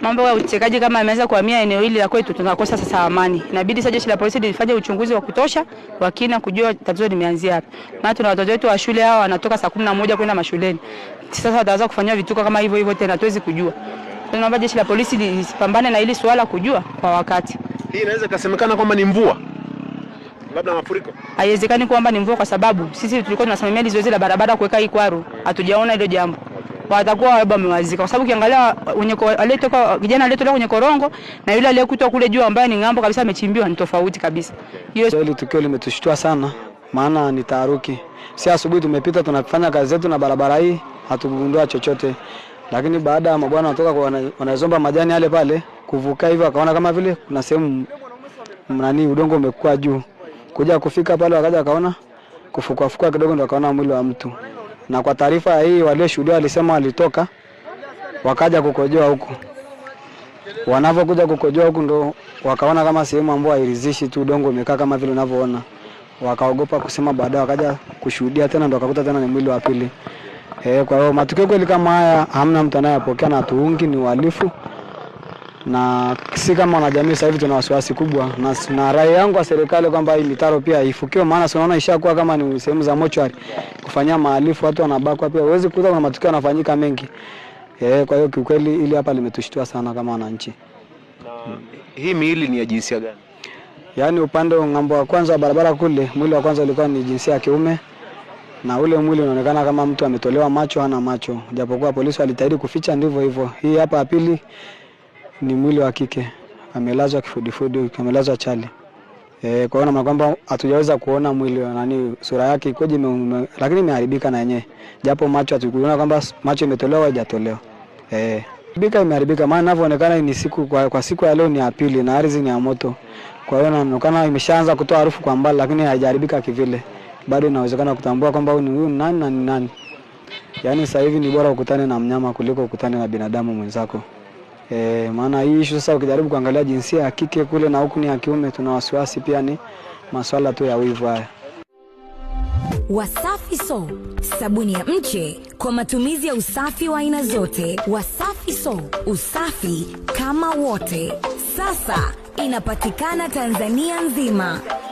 Mambo ya utekaji kama yameanza kuhamia eneo hili la kwetu, tunakosa sasa amani. Inabidi sasa jeshi la polisi lifanye uchunguzi wa kutosha wa kina kujua tatizo limeanzia hapa, maana tuna watoto wetu wa shule hawa wanatoka saa kumi na moja kwenda mashuleni, sasa wataanza kufanyia vituko kama hivyo hivyo tena, tuwezi kujua. Tunaomba jeshi la polisi lisipambane na hili swala kujua kwa wakati. Hii inaweza ikasemekana kwamba ni mvua labda mafuriko. Haiwezekani kwamba ni mvua, kwa sababu sisi tulikuwa tunasimamia zoezi la barabara kuweka hii kwaru, hatujaona hilo jambo watakuwa labda wamewazika, kwa sababu ukiangalia uh, wenye aliyetoka uh, kijana aliyetoka kwenye korongo na yule aliyekutwa kule juu ambaye ni ng'ambo kabisa amechimbiwa ni tofauti kabisa. Hiyo hili tukio limetushtua sana, maana ni taharuki. Si asubuhi tumepita tunafanya kazi zetu na barabara hii hatugundua chochote, lakini baada ya mabwana kutoka kwa wanazomba majani yale pale kuvuka hivyo, akaona kama vile kuna sehemu mnani udongo umekuwa juu, kuja kufika pale wakaja wakaona kufukafukua kidogo, ndo wakaona mwili wa mtu na kwa taarifa hii walioshuhudia walisema walitoka wakaja kukojoa huku. Wanavyokuja kukojoa huku ndo wakaona kama sehemu ambayo hairidhishi tu, udongo umekaa kama vile unavyoona, wakaogopa kusema. Baadaye wakaja kushuhudia tena, ndo wakakuta tena ni mwili wa pili. E, kwa hiyo matukio kweli kama haya hamna mtu anayepokea na tuungi ni uhalifu na si kama wanajamii sasa hivi tuna wasiwasi kubwa na, na rai yangu kwa serikali kwamba hii mitaro pia ifukiwe, maana si unaona ishakuwa kama ni sehemu za mochwari kufanyia maalifu, watu wanabakwa pia, huwezi kuta kuna matukio yanafanyika mengi e. Kwa hiyo kiukweli ili hapa limetushtua sana kama wananchi. Na hii miili ni ya jinsia gani? Yaani upande wa ng'ambo wa kwanza wa barabara kule, mwili wa kwanza ulikuwa ni jinsia ya kiume na ule mwili unaonekana kama mtu ametolewa macho, hana macho, japokuwa polisi walitahidi kuficha ndivyo hivyo. Hii hapa ya pili ni mwili wa kike, amelazwa kifudifudi, amelazwa chali. E, kwaona hiyo kwamba hatujaweza kuona mwili nani sura yake ikoje, lakini imeharibika na yenyewe, japo macho hatukuona kwamba macho imetolewa au haijatolewa. E, eh, bika imeharibika, maana inavyoonekana ni siku kwa, kwa siku ya leo ni ya pili na ardhi ni ya moto. Kwa hiyo inaonekana imeshaanza kutoa harufu kwa mbali, lakini haijaharibika kivile, bado inawezekana kutambua kwamba huyu ni huyu nani na ni nani. Yaani sasa hivi ni bora ukutane na mnyama kuliko ukutane na binadamu mwenzako. E, maana hii issue sasa ukijaribu kuangalia jinsia ya kike kule na huku ni ya kiume, tuna wasiwasi pia ni masuala tu ya wivu haya. Wasafi so sabuni ya mche kwa matumizi ya usafi wa aina zote. Wasafi so usafi kama wote, sasa inapatikana Tanzania nzima.